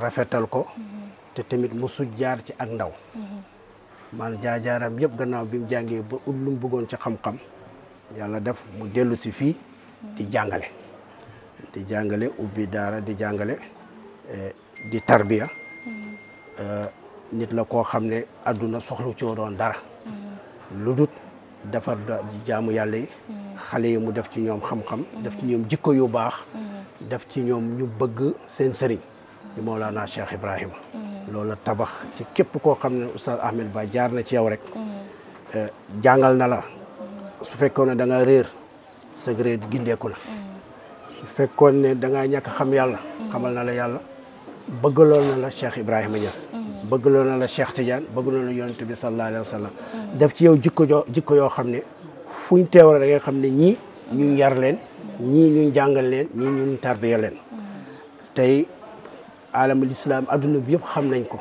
rafetal ko te tamit musu jaar ci ak ndaw maanaam jaajaaram yëpp gannaaw bi mu jàngee ba ut lu mu bëggoon ci xam-xam yàlla def mu dellu si fii di jàngale di jàngale ubbi daara di jàngale eh, di tarbiya eh, nit la koo xam ne àdduna soxlu coo doon dara lu dut defar jaamu yàlla yi xale yi mu def ci ñoom xam-xam def ci ñoom jikko yu baax def ci ñoom ñu bëgg seen sëriñ di Mawlana Cheikh Ibrahima loola tabax ci képp koo xam ne oustaz Ahmed Ba jaar na ci yow rek mhm. eh, jàngal na la su fekkoon ne da nga réer sa réer gindeeku na mhm. su fekkoon ne da ngaa ñàkk xam yàlla mhm. xamal na la yàlla bëggaloon na la Cheikh Ibrahima Niass bëggaloon na la Cheikh Tidiane bëggaloon na yonent bi sallallahu alayhi wa sallam def ci yow jikko jikko yoo xam ne fu ñu teew da nga xam ne ñii ñu yar leen ñii ñu jàngal leen ñu tarbiya leen tey alamul lislaam adduna bi yëpp xam nañ ko.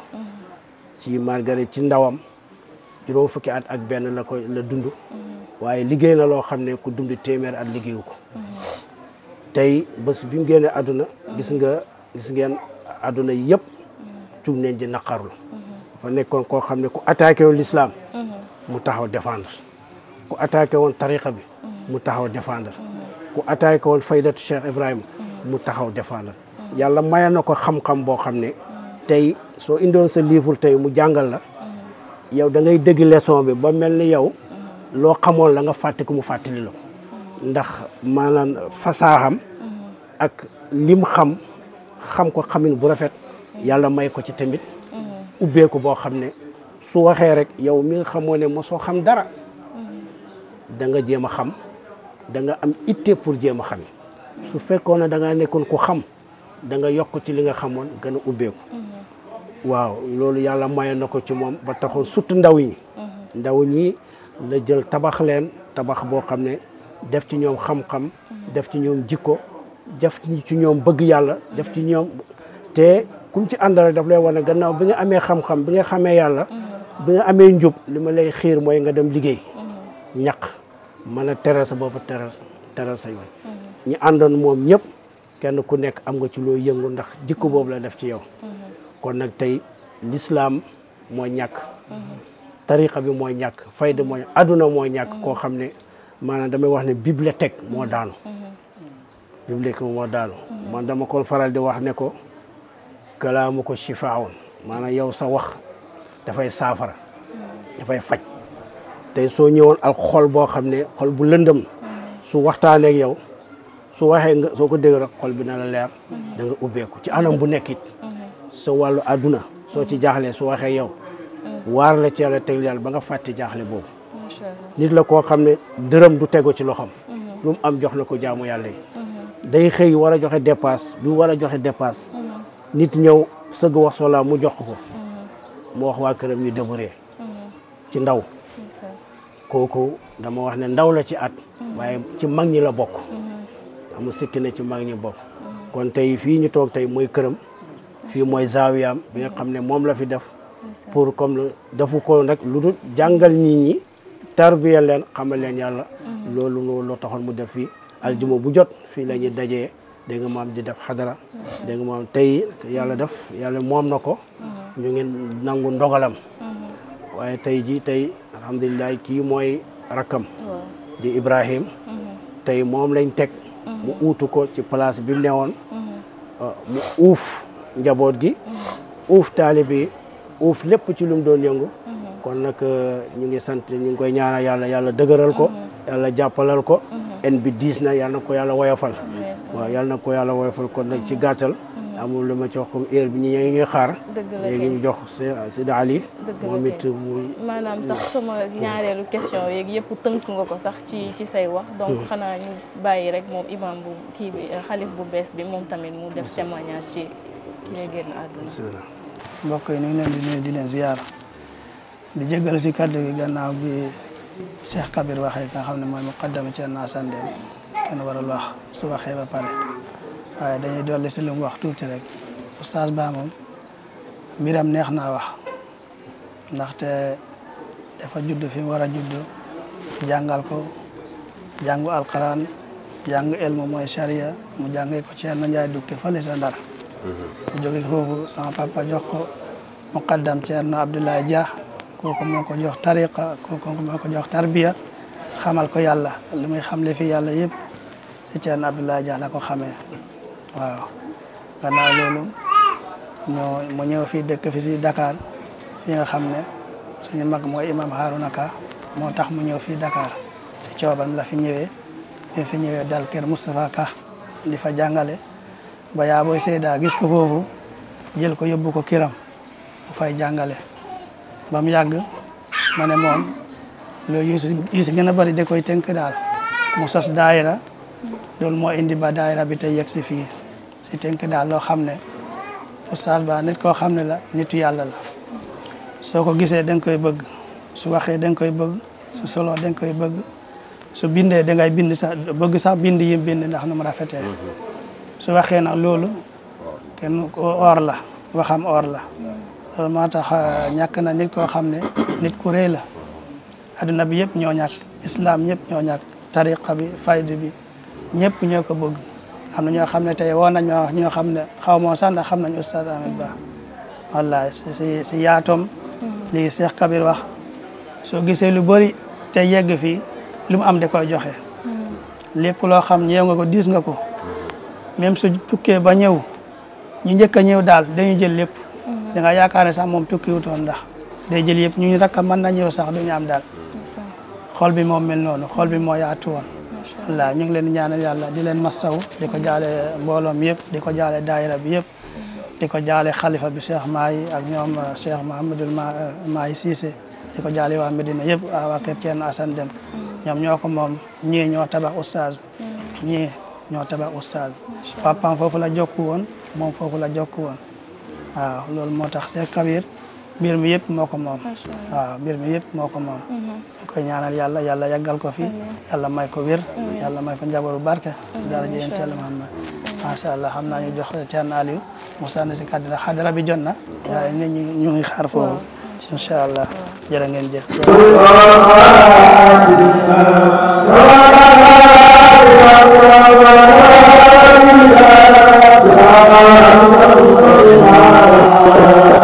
ci Margaret ci ndawam juróom fukki at ak benn la ko dund. waaye liggéey na loo xam ne ku dund téeméer at liggéeyu ko. tey bés bi génn génnee adduna. gis nga gis ngeen adduna yëpp. tuug nañ di naqarul. dafa nekkoon koo xam ne ku attaque woon lislaam mu taxaw défendre. ku attaqué woon tariqa bi. mu taxaw défendre. ku attaqué woon faydatu Ibrahima. mu taxaw défendre. yàlla may na ko xam-xam boo xam ne tey soo indoon sa livre tey mu jàngal la yow da ngay dégg bi ba mel ni yow loo xamoon la nga fàtte ko mu fàttali la ko ndax maanaam fasaaxam ak lim xam xam ko xamin bu rafet yàlla may ko ci tamit ubbeeku boo xam ne su waxee rek yow mi nga xamoo ne mosoo xam dara da nga jéem a xam da nga am itte pour jéem a xam su fekkoon ne da nekkoon ku xam da nga yokk ci li nga xamoon gën a ubbeeku waaw loolu yàlla maye na ko ci moom ba taxoon surtout ndaw ñi ndaw ñi la jël tabax leen tabax boo xam ne def ci ñoom xam-xam def ci ñoom jikko def ci ñoom bëgg yàlla def ci ñoom te kum ci àndal daf lay wane gannaaw bi nga amee xam-xam bi nga xamee yàlla bi nga amee njub li ma lay xiir mooy nga dem liggéey ñaq mën a teral sa bopp teral teral sa yoon ñi àndoon moom ñëpp kenn ku nekk am nga ci loo yëngu ndax jikko mm-hmm. boobu la def ci yow mm-hmm. kon nag tey lislaam mooy ñàkk mm-hmm. tariqa bi mooy ñàkk fayda mooy aduna mooy ñàkk koo xam ne maanaam damay wax ne bibliothèque moo daanu bibliothèque moo daanu man dama ko faral di wax ne ko kalaamu ko shifaawoon maanaam yow sa wax dafay saafara dafay faj tey soo ñëwoon ak xol boo xam ne xol bu lëndëm su waxtaanee ak yow su waxee nga soo ko dégg rek xol na la leer da nga ubbeeku ci anam bu nekkit sa wàllu àdduna soo ci jaaxlee su waxee yow waar la ci yàlla teg yàlla ba nga fàtte jaaxle boobu nit la koo xam ne dërëm du tego ci loxoom lu mu am jox na ko jaamu yàlla day xëy war a joxe dépasse bu war a joxe dépasse nit ñëw sëgg wax soxla mu jox ko mu wax waa këram ñu débouré ci ndaw kooku dama wax ne ndaw la ci at waaye ci mag ñi la bokk amul sikki ci mag ñi bokk kon tey fii ñu toog tey moy këram fii mooy zaawiyaam bi nga xam ne moom la fi def pour comme defu ko rek lu dul jàngal nit ñi tarbiya leen xamal leen yàlla mhm. loolu loolu taxoon mu def fii aljuma bu jot fii la ñuy dajee dégg nga di def xadara mhm. dégg nga tey yàlla def yàlla moom na ko mhm. ñu ngi nangu ndogalam waaye tey ji tey alhamdulilah kii mooy rakkam di Ibrahim tey moom lañ teg mu uutu ko ci place bi mu newoon mm-hmm. uh, uuf njaboot gi mm-hmm. uuf taalibe yi uuf lépp ci lum doon yëngu mm-hmm. kon nag uh, ñu ngi sant ñu ngi koy ñaanal yàlla yàlla dëgëral ko yàlla jàppalal ko en bi diis na yàlla ko yàlla woyofal waaw yàlla ko yàlla woyofal kon nag ci gàttal amul lu ma ci wax comme heure bi ñu ngi ñuy xaar. dëgg la léegi ñu jox Seydi Ali. dëgg la moom it muy. maanaam sax sama ñaareelu question yeeg yëpp tënk nga ko sax ci ci say wax. donc hmm. xanaa ñu bàyyi rek moom imam bu kii bi xalif bu bees bi moom tamit mu def témoignage ci ki lay génn àdduna. mbokk yi ñu ngi leen di nuyu di leen si kaddu gi gannaaw bi Cheikh Kabir waxee nga xam ne mooy muqaddam ci Nassane Deme kenn waral wax su waxee ba pare. waaye dañuy dolli si lu mu wax tuuti rek Ba moom mbiram neex naa wax ndaxte dafa judd fi mu war a judd jàngal ko jàngu alquran jàng elmu mooy charia mu jàngee ko Thierno Ndiaye dukke fële sa Ndar mu mhm. jóge foofu sama papa jox ko muqaddam Thierno Abdoulaye Dia kooku moo ko jox tariqa kooku moo ko jox tarbiya xamal ko yàlla li muy xamle fi yàlla yëpp si Thierno Abdoulaye Dia la ko xamee waaw gannaaw loolu ñoo mu ñëw fii dëkk fi si Dakar fi nga xam ne suñu mag mooy imam Haruna Ka moo tax mu ñëw fii Dakar si coobam la fi ñëwee bi fi ñëwee dal kër Moustapha Ka di fa jàngale ba yaa booy Seyda gis ko foofu jël ko yóbbu ko kiram bu fay jàngale ba mu ma ne moom loolu yu si a bari de koy tënk daal mu sos daayira loolu moo indi ba daayira bi tey yegg si fii si tënk daal loo xam ne oustaz Ba nit koo xam ne la nitu yàlla la soo ko gisee danga koy bëgg su waxee da koy bëgg su soloo da koy bëgg su bindee dangay bind sax bëgg sax bind yi bind ndax nu mu rafetee su waxee nag loolu kenn or la waxam or la loolu moo tax euh, ñàkk na nit koo xam ne nit ku rëy la adduna bi yëpp ñoo ñàkk islam ñëpp ñoo ñàkk tariqa bi faydu bi ñëpp ñoo ko bëgg am na ñoo xam ne tey woo nañ ma ñoo xam ne xaw moo sax ndax xam nañu Oustaz Ahmed Ba wallaay si si yaatoom mm-hmm. lii Cheikh Kabir wax soo gisee lu bëri te yegg fi li am da koy joxe mm-hmm. lépp loo xam ñëw nga ko diis nga ko mm-hmm. même su tukkee ba ñëw ñu njëkk a ñëw daal dañu jël lépp da nga yaakaar ne sax moom tukki wutoon ndax day jël yëpp ñu ñu rakka mën na ñëw sax du ñu am daal xol bi moom mel noonu xol bi moo yaatu woon alhamdulilah ñu ngi leen ñaanal yàlla di leen mastaw di ko jaale mbooloom yëpp di ko jaale daayira bi yëpp di ko jaale xalifa bi Cheikh Maay ak ñoom euh, Cheikh Mahamadul Maay euh, Cissé di ko jaale waa Medina yëpp waa kër Thierno Assane Deme ñoom ñoo ko moom ñii ñoo tabax oustaz ñii ñoo tabax oustaz papaam foofu la jokku woon moom foofu la jokku woon waaw loolu moo tax Cheikh mbir mi yëpp moo ko moom mbir mi moo ko moom mm-hmm. ñu ñaanal yàlla yàlla yàggal ko fi yàlla may ko wér yàlla may ko njaboru barke dara jeen teel allah xam naa ñu jox Thierno Aliou mu si kàddu ndax xadara bi jot na waaye nit ñi ñu ngi xaar foofu incha allah jërë ngeen jëf Thank you.